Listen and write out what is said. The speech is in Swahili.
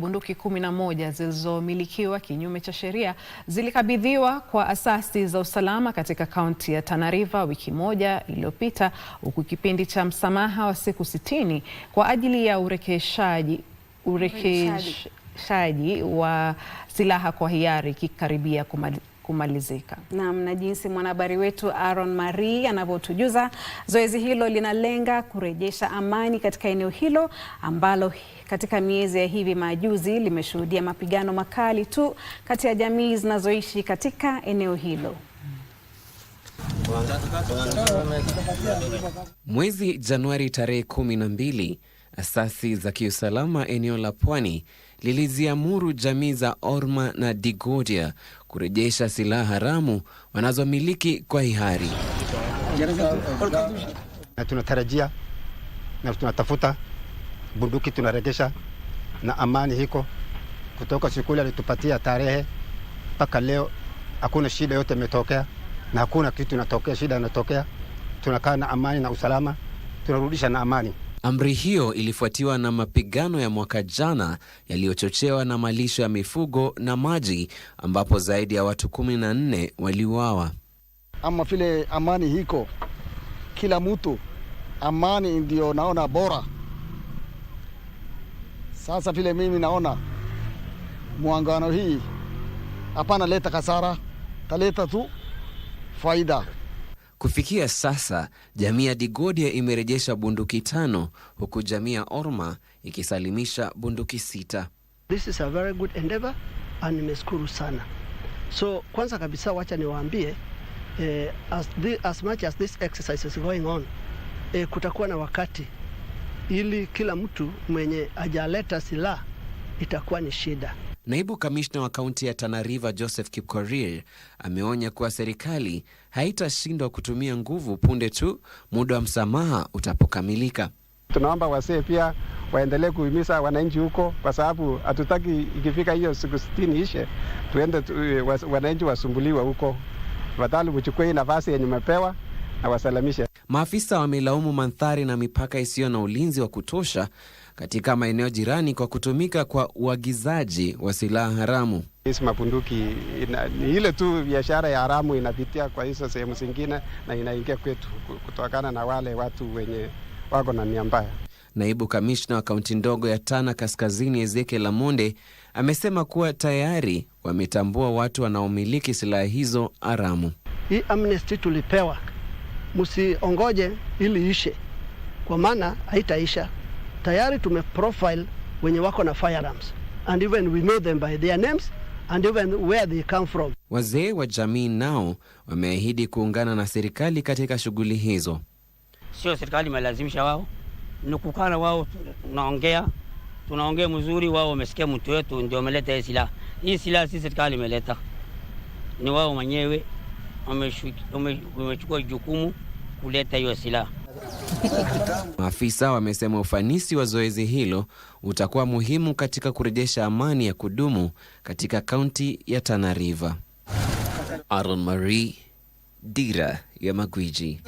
Bunduki kumi na moja zilizomilikiwa kinyume cha sheria zilikabidhiwa kwa asasi za usalama katika kaunti ya Tana River wiki moja iliyopita, huku kipindi cha msamaha wa siku sitini kwa ajili ya urekeshaji urekeshaji wa silaha kwa hiari kikaribia kumalizika kumalizika. Naam, na jinsi mwanahabari wetu Aaron Marie anavyotujuza, zoezi hilo linalenga kurejesha amani katika eneo hilo ambalo katika miezi ya hivi majuzi limeshuhudia mapigano makali tu kati ya jamii zinazoishi katika eneo hilo. Mwezi Januari tarehe kumi na mbili, asasi za kiusalama eneo la Pwani liliziamuru jamii za Orma na Digodia kurejesha silaha haramu wanazomiliki kwa hiari. Na tunatarajia na tunatafuta bunduki tunaregesha na amani hiko kutoka shukuli alitupatia tarehe mpaka leo, hakuna shida yote imetokea na hakuna kitu inatokea shida inatokea. Tunakaa na amani na usalama, tunarudisha na amani. Amri hiyo ilifuatiwa na mapigano ya mwaka jana yaliyochochewa na malisho ya mifugo na maji, ambapo zaidi ya watu kumi na nne waliuawa. Ama vile amani hiko, kila mtu amani ndio naona bora. Sasa vile mimi naona mwangano hii hapana leta kasara, taleta tu faida. Kufikia sasa jamii ya Digodia imerejesha bunduki tano huku jamii ya Orma ikisalimisha bunduki sita. This is a very good endeavor and nimeshukuru sana. So kwanza kabisa wacha niwaambie eh, as, the, as much as this exercise is going on eh, kutakuwa na wakati ili kila mtu mwenye ajaleta silaha itakuwa ni shida. Naibu kamishna wa kaunti ya Tana River Joseph Kipkorir ameonya kuwa serikali haitashindwa kutumia nguvu punde tu muda wa msamaha utapokamilika. Tunaomba wasee pia waendelee kuhimiza wananchi huko, kwa sababu hatutaki ikifika hiyo siku sitini ishe tuende tu, eh, wananchi wasumbuliwe huko. Afadhali uchukue hii nafasi yenye umepewa na wasalamishe. Maafisa wamelaumu mandhari na mipaka isiyo na ulinzi wa kutosha katika maeneo jirani kwa kutumika kwa uagizaji wa silaha haramu. Hizi mapunduki ni ile tu biashara ya haramu inapitia kwa hizo sehemu zingine na inaingia kwetu kutokana na wale watu wenye wako na nia mbaya. Naibu kamishna wa kaunti ndogo ya Tana Kaskazini, Ezekiel amonde amesema kuwa tayari wametambua watu wanaomiliki silaha hizo haramu. Hii amnesty tulipewa, msiongoje ili ishe, kwa maana haitaisha tayari tume profile wenye wako na firearms and even we know them by their names and even where they come from. Wazee wa jamii nao wameahidi kuungana na serikali katika shughuli hizo. Sio serikali imelazimisha wao, ni kukana wao, tunaongea tunaongea mzuri, wao wamesikia mtu wetu ndio wameleta hii silaha. Hii silaha si serikali imeleta, ni wao mwenyewe wamechukua jukumu kuleta hiyo silaha. Maafisa wamesema ufanisi wa zoezi hilo utakuwa muhimu katika kurejesha amani ya kudumu katika kaunti ya Tana River. Aaron Marie, Dira ya Magwiji.